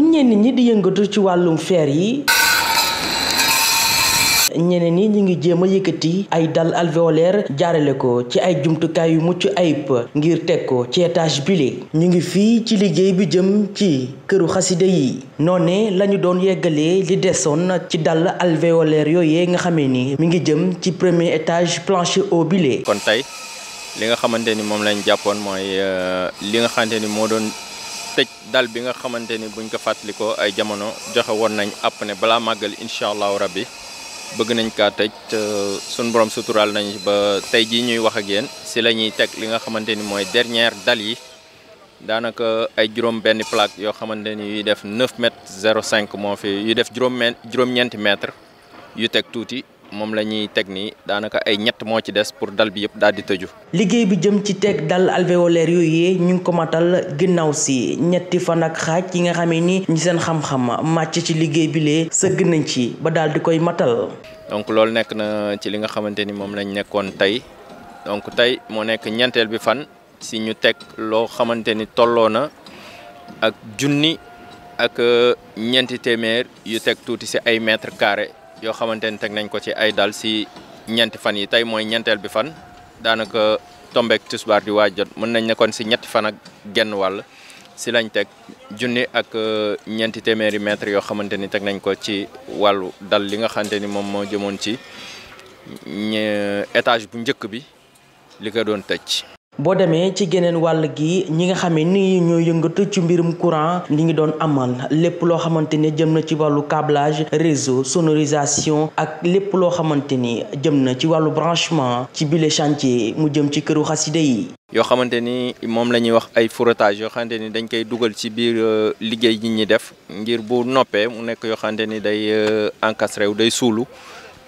bu ñenn ñi di yëngatu ci wàllum feer yi ñeneen ñi ñu ngi jéem a yëkkati ay dal alvéolaire jaarale ko ci ay jumtukaay yu mucc ayib ngir teg ko ci étage bile ñu ngi fii ci liggéey bi jëm ci këru xasida yi noone lañu doon yeggalee li desoon ci dal alvéolaire yooyee nga xamee ni mi ngi jëm ci premier étage plancher haut bile. kon tey li nga xamante ni moom lañ jàppoon mooy euh, li nga xamante ni moo doon. tëj dal bi nga xamante ni buñ ko fàttalikoo ay jamono joxe woon nañ app ne balaa màggal incha allahu rabbi bëgg nañ kaa tëj sun borom suturaal nañ ba tey jii ñuy wax a génn si la ñuy teg li nga xamante ni mooy dernière dal yi daanaka ay juróom benn plaque yoo xamante yuy def 9 mètres cinq moo fi yuy def juróom juróom-ñeenti mètre yu teg tuuti moom la ñuy teg nii daanaka ay ñett moo ci des pour dal bi yëpp daal di tëju. liggéey bi jëm ci teg dal alvéolaire yooyu ñu ngi ko matal ginnaaw si ñetti fan ak xaaj yi nga xamee ni ñu seen xam-xam màcc ci liggéey bi lee sëgg nañ ci ba daal di koy matal. donc loolu nekk na ci li nga xamante ni moom lañ nekkoon tey donc tey moo nekk ñeenteel bi fan si ñu teg loo xamante ni tolloo na ak junni ak euh, ñeenti téeméer yu teg tuuti si ay mètre carré. yoo xamante ne teg nañ ko ci ay dal si ñeenti fan yi tey mooy ñeenteel bi fan daanaka tombeek tisbaar di waaj jot mën nañ nekkoon si ñetti fan ak genn wàll si lañ teg junni ak euh, ñeenti téeméeri mètre yoo xamante ni teg nañ ko ci wàllu dal li nga xamante ni moom moo jëmoon ci étage bu njëkk bi li ko doon tëj. boo demee ci geneen wàll gi ñi nga xamee ni ñoo yëngatu ci mbirum courant ñi ngi doon amal lépp loo xamante ni jëm na ci wàllu câblage réseau sonorisation ak lépp loo xamante ni jëm na ci wàllu branchement ci bile chantier mu jëm ci kër këru xasida yi yoo xamante ni moom la ñuy wax ay frottage yoo xamante ni dañ koy dugal ci biir euh, liggéey yi ñuy def ngir bu noppee mu nekk yoo xamante ni day euh, encastré wu day suulu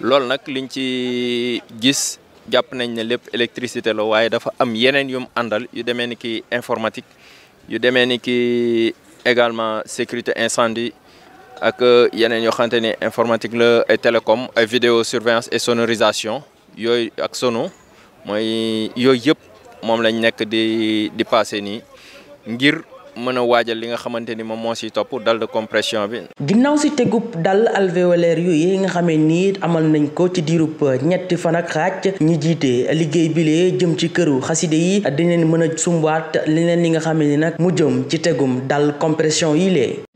loolu nag liñ ci gis jàpp nañ ne lépp électricité la waaye dafa am yeneen yum àndal yu demee ni ki informatique yu demee ni ki également sécurité incendie ak euh, yeneen yoo xamante ni informatique la ay télécom ay vidéo surveillance et sonorisation yooyu ak sono mooy yooyu yëpp moom lañ nekk di di passé nii ngir mën a waajal li nga xamante ni moom moo siy topp dal de compression bi. ginnaaw si tegub dal alvéolaire yu yi nga xamee ni amal nañ ko ci diirub ñetti fan ak ñi jiite liggéey bi bile jëm ci këru xaside yi dinañ mën a sumbaat leneen li nga xam ne nag mu jëm ci tegum dal compression yi lee